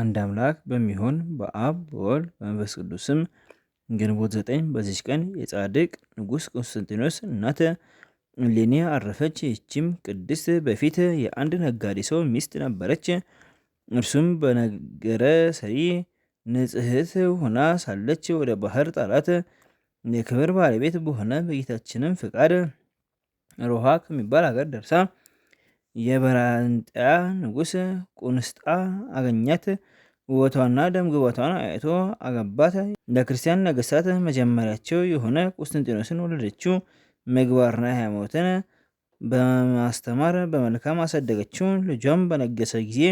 አንድ አምላክ በሚሆን በአብ በወልድ በመንፈስ ቅዱስም ግንቦት ዘጠኝ በዚች ቀን የጻድቅ ንጉሥ ቆስጠንጢኖስ እናት እሌኒ አረፈች። ይህችም ቅድስት በፊት የአንድ ነጋዴ ሰው ሚስት ነበረች። እርሱም በነገረ ሰሪ ንጽሕት ሆና ሳለች ወደ ባህር ጣላት። የክብር ባለቤት በሆነ በጌታችንም ፍቃድ ሮሃ ከሚባል ሀገር ደርሳ የበራንጣ ንጉሥ ቁንስጣ አገኛት። ውበቷና ደምግባቷን አይቶ አገባት። ለክርስቲያን ነገሥታት መጀመሪያቸው የሆነ ቁስጥንጢኖስን ወለደችው። ምግባርና ሃይማኖትን በማስተማር በመልካም አሳደገችው። ልጇም በነገሰ ጊዜ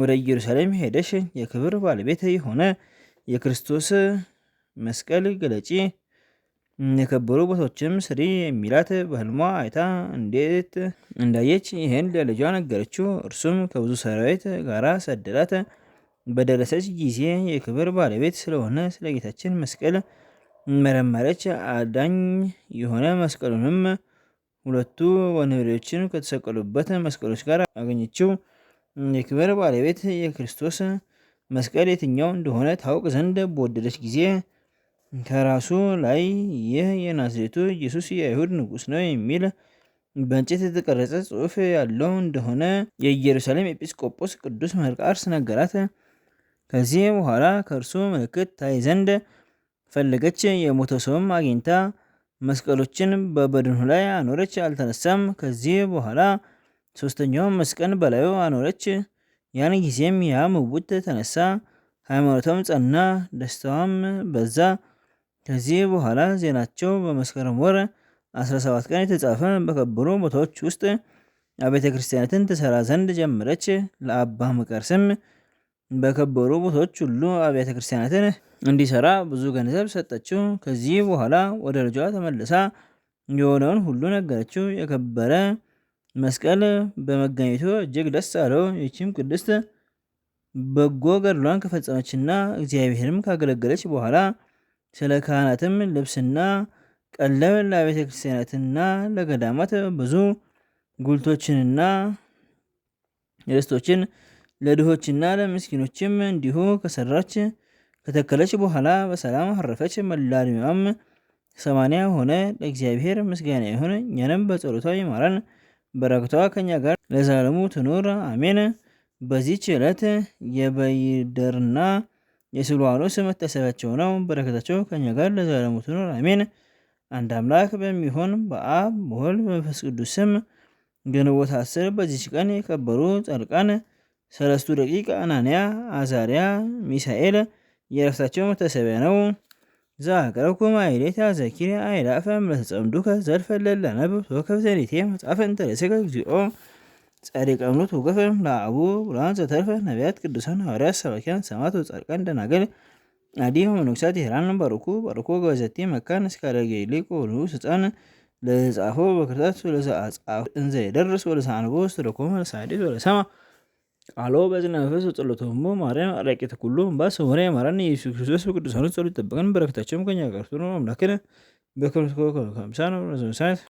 ወደ ኢየሩሳሌም ሄደሽ የክብር ባለቤት የሆነ የክርስቶስ መስቀል ገለጪ የከበሩ ቦታዎችም ስሪ የሚላት በህልሟ አይታ እንዴት እንዳየች ይህን ለልጇ ነገረችው። እርሱም ከብዙ ሰራዊት ጋራ ሰደዳት። በደረሰች ጊዜ የክብር ባለቤት ስለሆነ ስለ ጌታችን መስቀል መረመረች። አዳኝ የሆነ መስቀሉንም ሁለቱ ወንበዴዎችን ከተሰቀሉበት መስቀሎች ጋር አገኘችው። የክብር ባለቤት የክርስቶስ መስቀል የትኛው እንደሆነ ታውቅ ዘንድ በወደደች ጊዜ ከራሱ ላይ ይህ የናዝሬቱ ኢየሱስ የአይሁድ ንጉሥ ነው የሚል በእንጨት የተቀረጸ ጽሑፍ ያለው እንደሆነ የኢየሩሳሌም ኤጲስቆጶስ ቅዱስ መቃርስ ነገራት። ከዚህ በኋላ ከእርሱ ምልክት ታይ ዘንድ ፈለገች። የሞተ ሰውም አግኝታ መስቀሎችን በበድኑ ላይ አኖረች፣ አልተነሳም። ከዚህ በኋላ ሶስተኛውን መስቀል በላዩ አኖረች። ያን ጊዜም ያ ምውት ተነሳ፣ ሃይማኖቷም ጸና፣ ደስታዋም በዛ። ከዚህ በኋላ ዜናቸው በመስከረም ወር 17 ቀን የተጻፈ በከበሩ ቦታዎች ውስጥ አብያተ ክርስቲያናትን ትሰራ ዘንድ ጀመረች። ለአባ መቃርስም በከበሩ ቦታዎች ሁሉ አብያተ ክርስቲያናትን እንዲሰራ ብዙ ገንዘብ ሰጠችው። ከዚህ በኋላ ወደ ልጇ ተመልሳ የሆነውን ሁሉ ነገረችው። የከበረ መስቀል በመገኘቱ እጅግ ደስ አለው። ይችም ቅድስት በጎ ገድሏን ከፈጸመችና እግዚአብሔርም ካገለገለች በኋላ ስለ ካህናትም ልብስና ቀለብ ለቤተ ክርስቲያናትና ለገዳማት ብዙ ጉልቶችንና ርስቶችን ለድሆችና ለምስኪኖችም እንዲሁ ከሰራች ከተከለች በኋላ በሰላም አረፈች። መላ ዕድሜዋም ሰማንያ ሆነ። ለእግዚአብሔር ምስጋና ይሁን፣ እኛንም በጸሎቷ ይማረን፣ በረከቷ ከኛ ጋር ለዘላለሙ ትኑር አሜን። በዚች ዕለት የበይደርና የስሉዋኖስ መታሰቢያቸው ነው። በረከታቸው ከኛ ጋር ለዘላለሙ ትኖር አሜን። አንድ አምላክ በሚሆን በአብ በወልድ በመንፈስ ቅዱስ ስም ግንቦት አስር በዚች ቀን የከበሩ ጻድቃን ሰለስቱ ደቂቅ አናንያ፣ አዛሪያ፣ ሚሳኤል የረፍታቸው መታሰቢያ ነው። ዘአቅረብኩ ማሕሌተ አዘኪር አእላፈ እምለተጸምዱከ ዘልፈ ለለነብብ ወከብተኔቴ መጽሐፈ እንተ እግዚኦ ጻድቃን አብነት ወገፈን ለአቡ ብርሃን ዘተርፈ ነቢያት ቅዱሳን ሐዋርያት ሰባኪያን ሰማዕት ወጻድቃን ደናግል አዲህ መነኮሳት ይህራን ባርኩ ባርኮ ገዘቴ መካን እስካደረገ ይልቅ ወንዑስ ሕፃን ለጻፎ በክርታት ወለዘአጻፍ እንዘ የደርስ ወለዘአንቦ ስተደኮመ ለሳድስ ወለሰማ ቃሎ በዝነ መንፈስ ጸሎቶሙ ማርያም አራቂተ ኩሉ እምባሰ ወሬ ማረን ኢየሱስ ክርስቶስ በቅዱሳኑ ጸሎት ይጠብቀን። በረከታቸውም ከኛ ጋር ትኑር። አምላክን በክርስቶስ ከምሳን